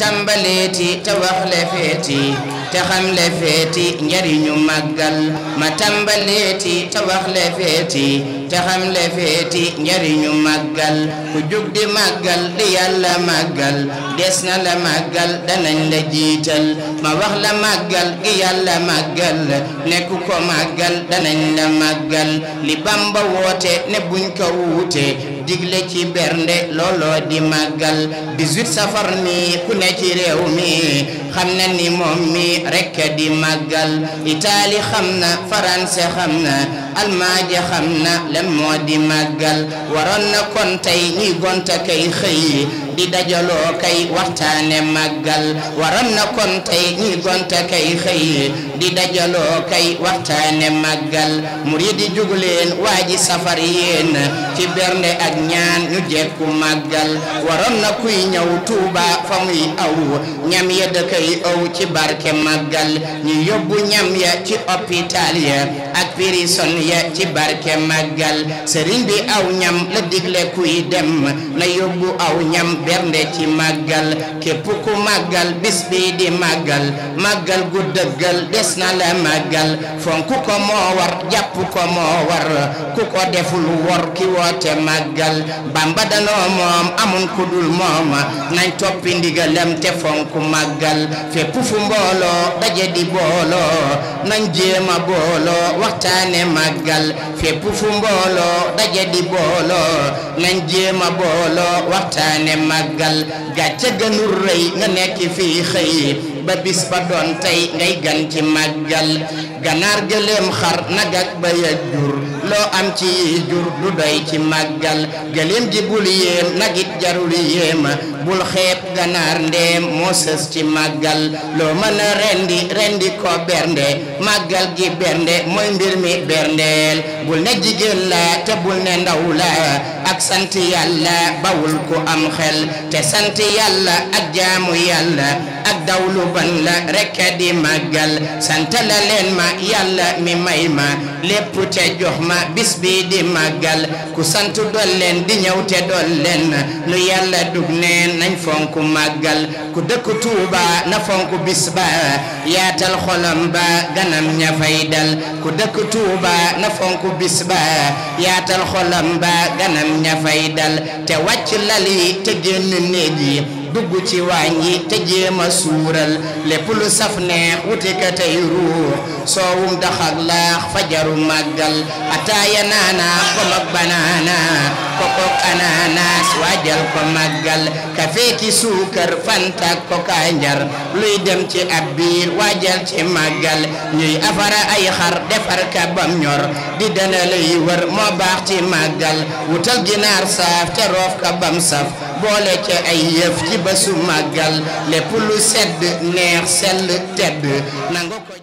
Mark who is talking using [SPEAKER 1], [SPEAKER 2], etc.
[SPEAKER 1] tàmbaleeti te wax le feeti te xam le feeti njariñu màggal ma tàmbaleeti te wax le feeti te xam feeti njariñu màggal ku jug di màggal di yàlla màggal la màggal danañ la jiital ma wax la màggal gi yàlla màggal nekk ko màggal danañ la màggal li Bamba woote ne buñ ko wuute digle ci bernde looloo di màggal 18 safar mi ku ci réew mi xam na ni moom mi rekk di màggal Itaali xam na Faranse xam na Almaaña xam na lan moo di màggal waroon na kon tey gonta kay xëy di dajaloo kay waxtaane màggal waroon na kon ñuy gonta kay xëy di dajaloo kay waxtaane màggal murid yi jug leen waa ji safar yéen ci bernde ak ñaan ñu jekku màggal waroon na kuy ñëw Tuuba fa muy aw ñam ya kay aw ci barke màggal ñu yóbbu ñam ya ci hôpital ya ak prison ya ci barke màggal sëriñ bi aw ñam la digle kuy dem na yóbbu aw ñam bernde ci màggal képp ku màggal bis bii di màggal màggal gu dëggal des na la fonk ko moo war ko moo ku ko deful wor ki woote màggal bamba danoo moom amun ku dul moom toppi ndigalam te fonk màggal fépp fu mbooloo daje di booloo nañ jéema booloo waxtaane màggal fépp fu mbooloo daje di booloo nañ jéema booloo waxtaane màggal ca gënu rëy nga nekk fii xëy ba bis ba doon tey ngay gan ci màggal ganaar gëléem xar nag ak bëy ak jur loo am ci jur du doy ci màggal gëléem ji bul yéem nagit jarul yéema bul xeeb ganaar ndeem moo sës ci màggal loo mën a rendi rendi ko bernde màggal gi bernde mooy mbir mi berndeel bul ne jigéen la te bul ne ndaw la ak sant yàlla bawul ku am xel te sant yàlla ak jaamu yàlla ak dawlu ban la rekk di màggal sant la leen ma yàlla mi may ma lépp te jox ma bis bi di màggal ku sant dool leen di ñëw te dool leen lu yàlla dug neen leen nañ fonk màggal ku dëkk Tuuba na fonk bis ba yaatal xolam ba ganam ña dal ku dëkk Tuuba na fonk bis ba yaatal xolam ba ganam ña te wàcc lali te génn néeg dugg ci waañ yi te jéem a suural lépp lu saf neex wuti ka tey ruux soowum dax laax fajaru màggal ataaya naana ko mag banaana kokook ananas waajal ko màggal kafeeki suukar fantak ko kanjar luy dem ci ab biir waajal ci màggal ñuy afara ay xar defar ka bam ñor di dana lay wër moo baax ci màggal wutal ginaar saaf te roof ka bam saf boole ca ay yëf ci bésu màggal lépp lu sedd neex sell tedd